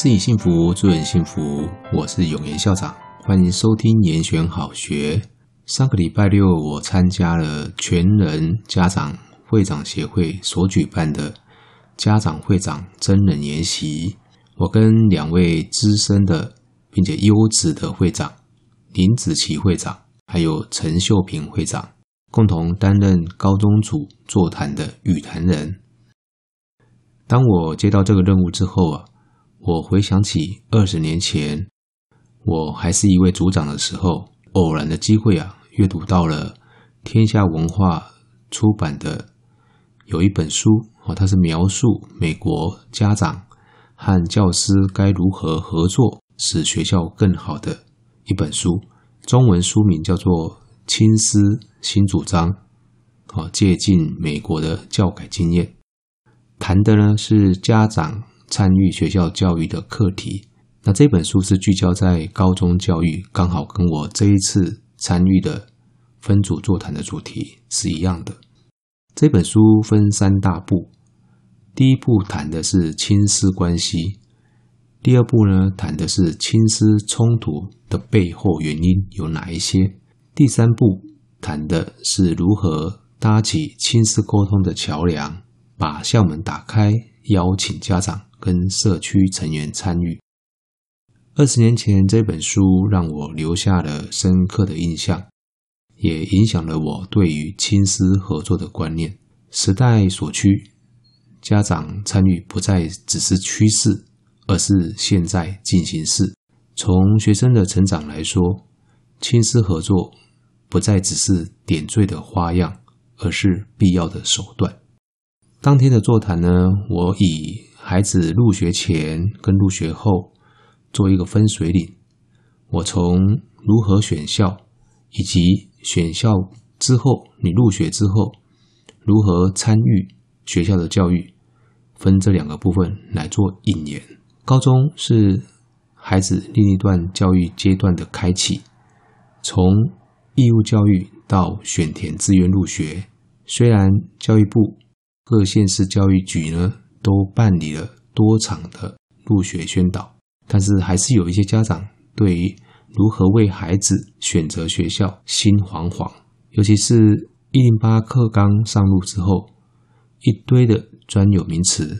自己幸福，祝人幸福。我是勇延校長，歡迎收聽延選好學。上個禮拜六，我參加了全人家長會長協會所舉辦的家長會長真人研習。我跟兩位資深的並且優質的會長林子琪會長，還有陳秀平會長，共同擔任高中組座談的與談人。當我接到這個任務之後啊。我回想起二十年前，我還是一位組長的時候，偶然的機會啊，閱讀到了天下文化出版的有一本書，哦，它是描述美國家長和教師該如何合作，使學校更好的一本書。中文書名叫做《親師新主張》，啊，哦，借鑒美國的教改經驗，談的呢是家長。參與學校教育的課題，那這本書是聚焦在高中教育，剛好跟我這一次參與的分組座談的主題是一樣的。這本書分三大部，第一部談的是親師關係，第二部呢談的是親師衝突的背後原因有哪一些，第三部談的是如何搭起親師溝通的橋梁，把校門打開。邀請家長跟社區成員參與。二十年前這本書讓我留下了深刻的印象，也影響了我對於親師合作的觀念。時代所趨，家長參與不再只是趨勢，而是現在進行式。從學生的成長來說，親師合作不再只是點綴的花樣，而是必要的手段。當天的座談呢，我以孩子入學前跟入學後做一個分水嶺。我從如何選校，以及選校之後，你入學之後如何參與學校的教育，分這兩個部分來做引言。高中是孩子另一段教育階段的開啟，從義務教育到選填志願入學，雖然教育部，各縣市教育局呢都辦理了多場的入學宣導，但是還是有一些家長對於如何為孩子選擇學校心惶惶，尤其是一零八課綱上路之後，一堆的專有名詞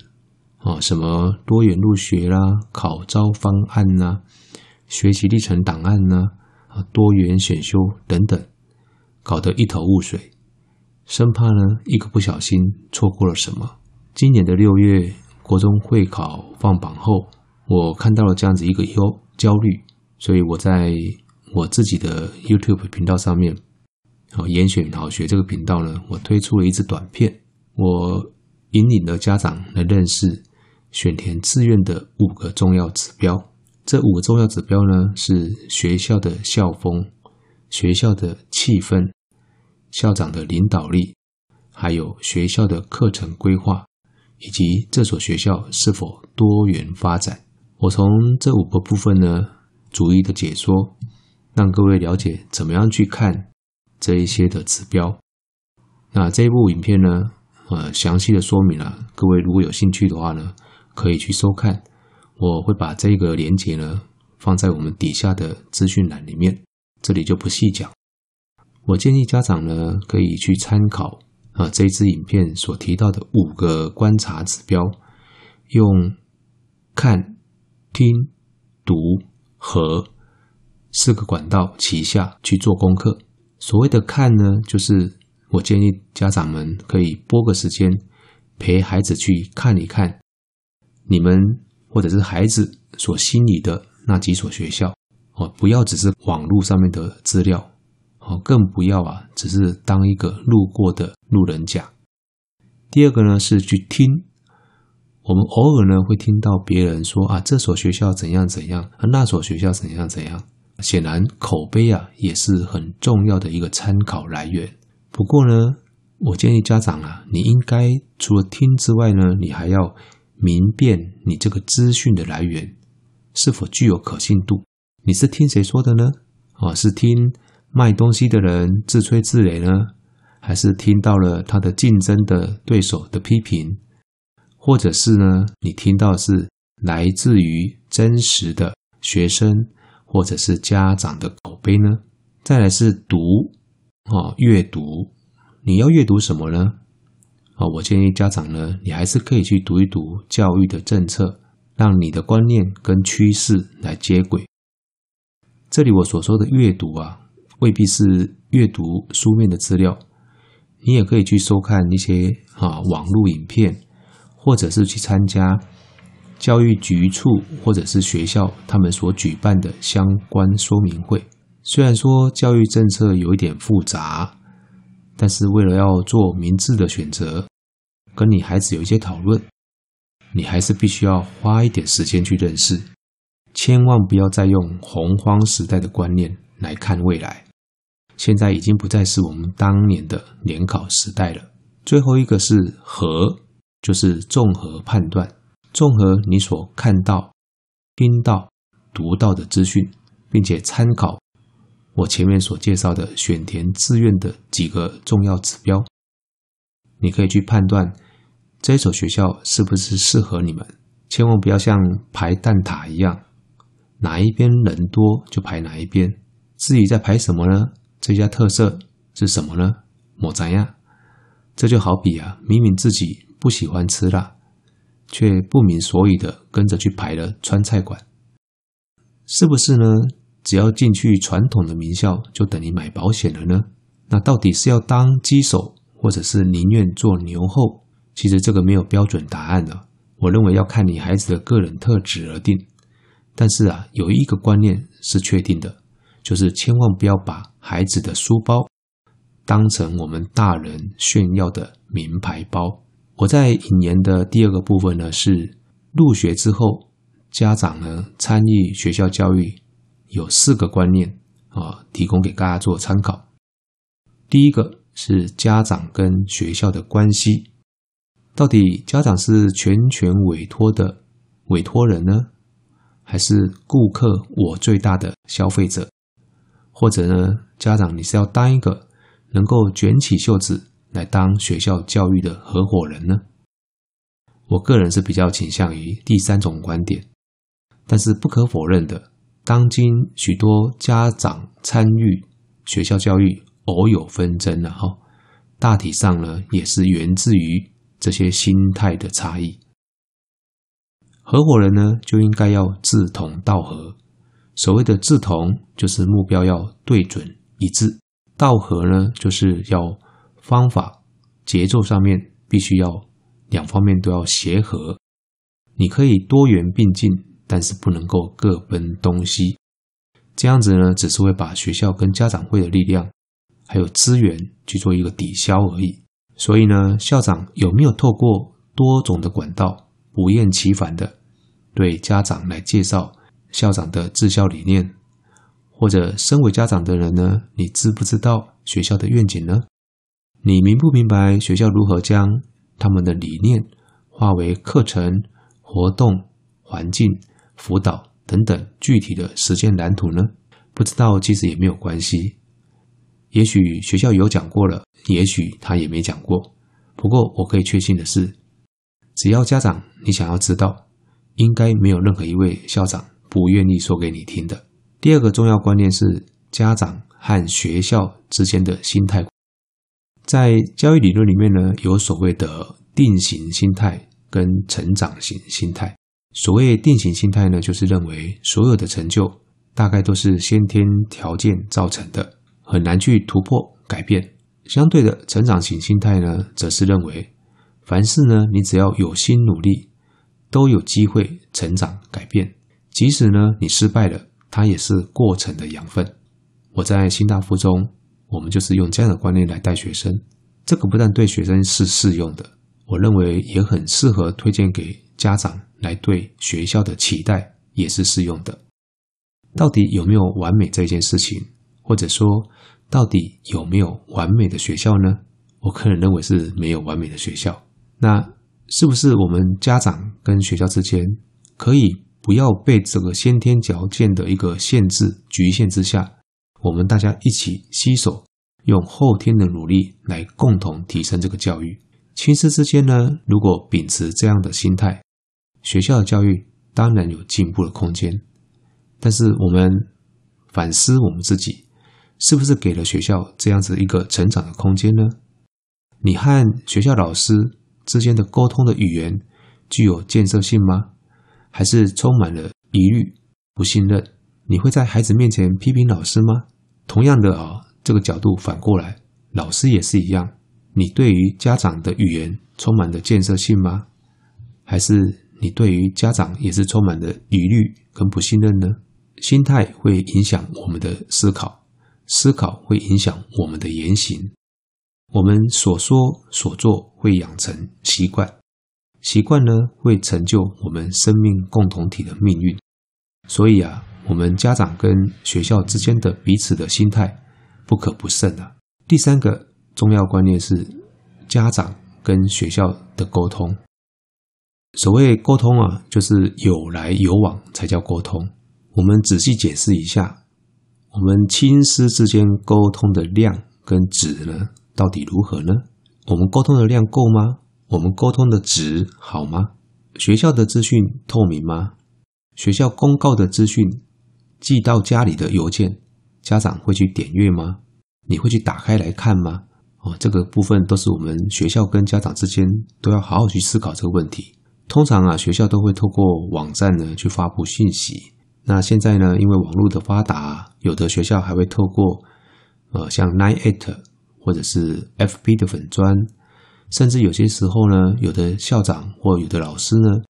啊，什麼多元入學啦、考招方案吶、啊、學習歷程檔案吶、啊、啊多元選修等等，搞得一頭霧水。生怕呢一個不小心錯過了什麼。今年的六月，國中會考放榜後，我看到了這樣子一個憂焦慮，所以我在我自己的 YouTube 頻道上面，啊、哦，延選好學這個頻道呢，我推出了一支短片，我引領了家長來認識選填志願的五個重要指標。這五個重要指標呢，是學校的校風，學校的氣氛。校長的領導力，還有學校的課程規劃，以及這所學校是否多元發展，我從這五個部分呢，逐一的解說，讓各位了解怎麼樣去看這一些的指標。那這一部影片呢，呃詳細的說明了啊，各位如果有興趣的話呢，可以去收看。我會把這個鏈接呢放在我們底下的資訊欄裡面，這裡就不細講。我建議家長呢，可以去參考啊、呃，這一支影片所提到的五個觀察指標，用看、聽、讀和四個管道，齊下去做功課。所謂的看呢，就是我建議家長們可以撥個時間陪孩子去看一看，你們或者是孩子所心儀的那幾所學校哦、呃，不要只是網絡上面的資料。更不要啊，只是當一個路過的路人甲。第二個呢是去聽，我們偶爾呢會聽到別人說啊，這所學校怎樣怎樣，啊那所學校怎樣怎樣。顯然口碑啊也是很重要的一個參考來源。不過呢，我建議家長啊，你應該除了聽之外呢，你還要明辨你這個資訊的來源是否具有可信度。你是聽誰說的呢？哦、啊，是聽。賣東西的人自吹自擂呢，還是聽到了他的競爭的對手的批評，或者是呢，你聽到是來自於真實的學生或者是家長的口碑呢？再來是讀哦，閱讀，你要閱讀什麼呢？啊、哦，我建議家長呢，你還是可以去讀一讀教育的政策，讓你的觀念跟趨勢來接軌。這裡我所說的閱讀啊。未必是閱讀書面的資料，你也可以去收看一些啊網絡影片，或者是去參加教育局處或者是學校他們所舉辦的相關說明會。雖然說教育政策有一點複雜，但是為了要做明智的選擇，跟你孩子有一些討論，你還是必須要花一點時間去認識，千萬不要再用洪荒時代的觀念來看未來。現在已經不再是我們當年的聯考時代了。最後一個是合，就是綜合判斷，綜合你所看到、聽到、讀到的資訊，並且參考我前面所介紹的選填志願的幾個重要指標，你可以去判斷這所學校是不是適合你們。千萬不要像排蛋撻一樣，哪一邊人多就排哪一邊。自己在排什麼呢？這家特色是什麼呢？抹茶呀。這就好比啊，明明自己不喜歡吃辣，卻不明所以的跟着去排了川菜館，是不是呢？只要進去傳統的名校，就等於買保險了呢？那到底是要當雞首，或者是寧願做牛後？其實這個沒有標準答案的啊。我認為要看你孩子的個人特質而定。但是啊，有一個觀念是確定的，就是千萬不要把孩子的書包當成我們大人炫耀的名牌包。我在引言的第二個部分呢，是入學之後，家長呢參與學校教育有四個觀念啊、呃，提供給大家做參考。第一個是家長跟學校的關係，到底家長是全權委託的委託人呢？還是顧客我最大的消費者？或者呢，家長你是要當一個能夠捲起袖子來當學校教育的合夥人呢？我個人是比較傾向於第三種觀點。但是不可否認的，當今許多家長參與學校教育，偶有紛爭呢。哈，大體上呢，也是源自於這些心態的差異。合夥人呢，就應該要志同道合。所謂的志同，就是目標要對準一致；道合呢，就是要方法、節奏上面必須要兩方面都要協和。你可以多元並進，但是不能夠各奔東西。這樣子呢，只是會把學校跟家長會的力量還有資源去做一個抵消而已。所以呢，校長有沒有透過多種的管道，不厭其煩的對家長來介紹，校長的治校理念，或者身為家長的人呢？你知不知道學校的願景呢？你明不明白學校如何將他們的理念化為課程、活動、環境、輔導等等具體的實踐藍圖呢？不知道其實也沒有關係。也許學校有講過了，也許他也沒講過。不過我可以確信的是，只要家長你想要知道，應該沒有任何一位校長，不願意說給你聽的。第二個重要觀念是家長和學校之間的心態。在教育理論裡面呢，有所謂的定型心態跟成長型心態。所謂定型心態呢，就是認為所有的成就大概都是先天條件造成的，很難去突破改變。相對的成長型心態呢，則是認為凡事呢，你只要有心努力，都有機會成長改變。即使呢，你失敗了，它也是過程的養分。我在新大附中，我們就是用這樣的觀念來帶學生。這個不但對學生是適用的，我認為也很適合推薦給家長來對學校的期待也是適用的。到底有沒有完美這件事情，或者說到底有沒有完美的學校呢？我個人認為是沒有完美的學校。那是不是我們家長跟學校之間可以？不要被這個先天條件的一個限制局限之下，我們大家一起攜手，用後天的努力來共同提升這個教育。親師之間呢，如果秉持這樣的心態，學校的教育當然有進步的空間。但是我們反思我們自己，是不是給了學校這樣子一個成長的空間呢？你和學校老師之間的溝通的語言具有建設性嗎？還是充滿了疑慮、不信任？你會在孩子面前批評老師嗎？同樣的啊、哦，這個角度反過來，老師也是一樣。你對於家長的語言充滿了建設性嗎？還是你對於家長也是充滿了疑慮跟不信任呢？心態會影響我們的思考，思考會影響我們的言行，我們所說所做會養成習慣。習慣呢，會成就我們生命共同體的命運。所以啊，我們家長跟學校之間的彼此的心態不可不慎啊。第三個重要觀念是家長跟學校的溝通。所謂溝通啊，就是有來有往才叫溝通。我們仔細解釋一下，我們親師之間溝通的量跟質呢，到底如何呢？我們溝通的量夠嗎？我們溝通的值好嗎？學校的資訊透明嗎？學校公告的資訊寄到家裡的郵件，家長會去點閱嗎？你會去打開來看嗎？哦，這個部分都是我們學校跟家長之間都要好好去思考這個問題。通常啊，學校都會透過網站呢去發布訊息。那現在呢，因為網路的發達，有的學校還會透過呃像 Nine Eight 或者是 FB 的粉專。甚至有些時候呢，有的校長或有的老師呢，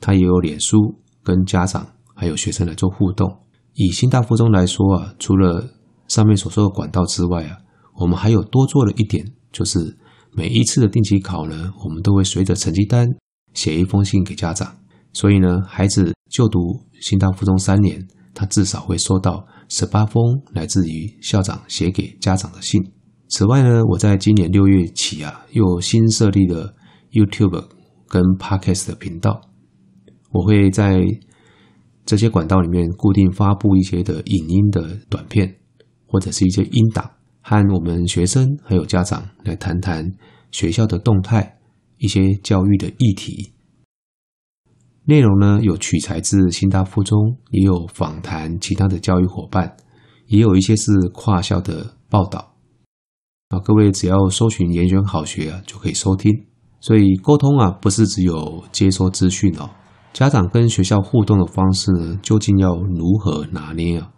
他也有臉書跟家長還有學生來做互動。以新大附中來說啊，除了上面所說的管道之外啊，我們還有多做了一點，就是每一次的定期考呢，我們都會隨着成績單寫一封信給家長。所以呢，孩子就讀新大附中三年，他至少會收到十八封來自於校長寫給家長的信。此外呢，我在今年六月起啊，又新設立了 YouTube 跟 Podcast 的頻道。我會在這些管道裡面固定發布一些的影音的短片，或者是一些音檔，和我們學生還有家長來談談學校的動態、一些教育的議題。內容呢，有取材自新大附中，也有訪談其他的教育夥伴，也有一些是跨校的報道。啊，各位只要搜尋“延選好學”，啊，就可以收聽。所以溝通啊，不是只有接收資訊哦。家長跟學校互動的方式究竟要如何拿捏啊？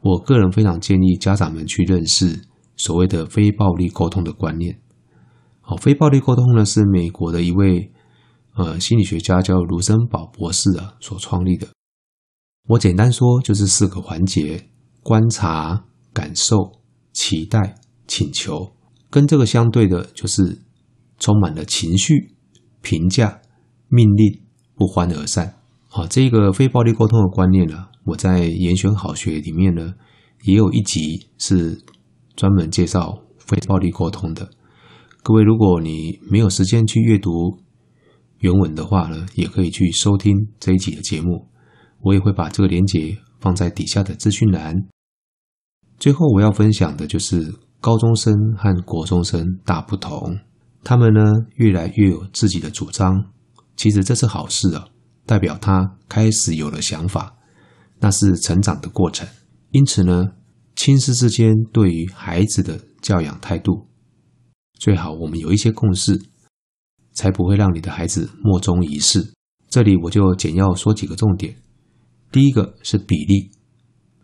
我個人非常建議家長們去認識所謂的非暴力溝通的觀念。好，非暴力溝通呢，是美國的一位呃心理學家叫盧森堡博士啊所創立的。我簡單說，就是四個環節：觀察、感受、期待。請求。跟這個相對的就是充滿了情緒、評價、命令、不歡而散。啊，這個非暴力溝通的觀念呢、啊，我在《延選好學》裡面呢也有一集是專門介紹非暴力溝通的。各位，如果你沒有時間去閱讀原文的話呢，也可以去收聽這一集的節目。我也會把這個鏈接放在底下的資訊欄。最後我要分享的就是。高中生和國中生大不同，他們呢越來越有自己的主張。其實這是好事啊、哦，代表他開始有了想法，那是成長的過程。因此呢，親師之間對於孩子的教養態度，最好我們有一些共識，才不會讓你的孩子莫衷一是。這裡我就簡要說幾個重點。第一個是比例，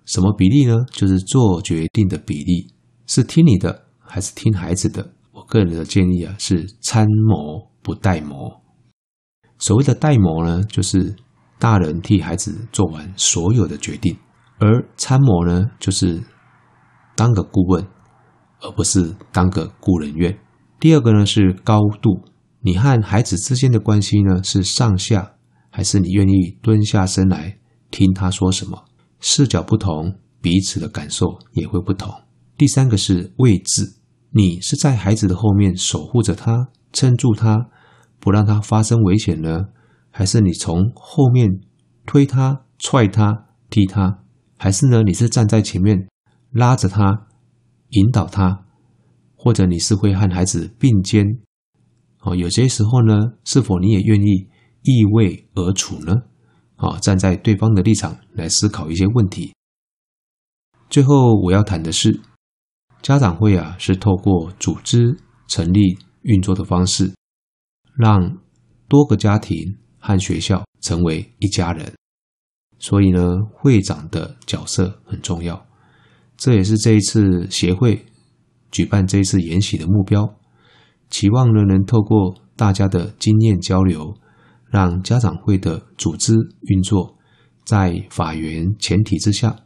什麼比例呢？就是做決定的比例。是聽你的還是聽孩子的？我個人的建議啊，是參謀不代謀。所謂的代謀呢，就是大人替孩子做完所有的決定；而參謀呢，就是當個顧問，而不是當個顧人怨。第二個呢是高度，你和孩子之間的關係呢是上下，還是你願意蹲下身來聽他說什麼？視角不同，彼此的感受也會不同。第三個是位置，你是在孩子的後面守護着他，撐住他，不讓他發生危險呢，還是你從後面推他、踹他、踢他，還是呢你是站在前面拉着他，引導他，或者你是會和孩子並肩？哦，有些時候呢，是否你也願意易位而處呢？啊，站在對方的立場來思考一些問題。最後我要談的是。家長會啊，是透過組織成立運作的方式，讓多個家庭和學校成為一家人。所以呢，會長的角色很重要，這也是這一次協會舉辦這一次研習的目標。期望呢，能透過大家的經驗交流，讓家長會的組織運作，在法源前提之下，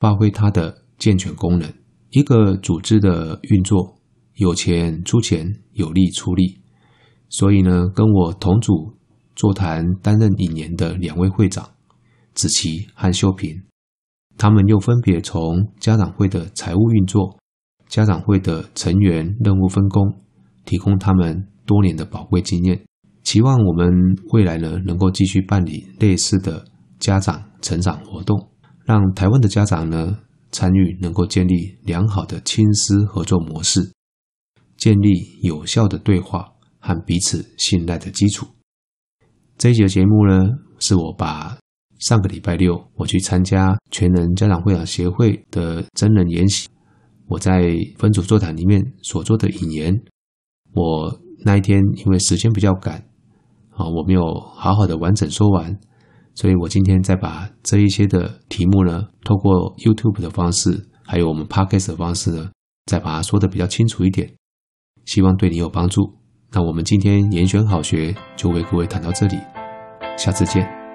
發揮它的健全功能。一個組織的運作，有錢出錢，有力出力。所以呢，跟我同組座談擔任一年的兩位會長，子琪和秀平，他們又分別從家長會的財務運作、家長會的成員任務分工，提供他們多年的寶貴經驗。期望我們未來呢，能夠繼續辦理類似的家長成長活動，讓台灣的家長呢，參與能夠建立良好的親師合作模式，建立有效的對話和彼此信賴的基礎。這一節的節目呢，是我把上個禮拜六我去參加全人家長會長協會的真人研習，我在分組座談裡面所做的引言。我那一天因為時間比較趕啊，我沒有好好的完整說完。所以我今天再把這一些的題目呢，透過 YouTube 的方式，還有我們 Podcast 的方式呢，再把它說的比較清楚一點，希望對你有幫助。那我們今天延選好學就為各位談到這裡，下次見。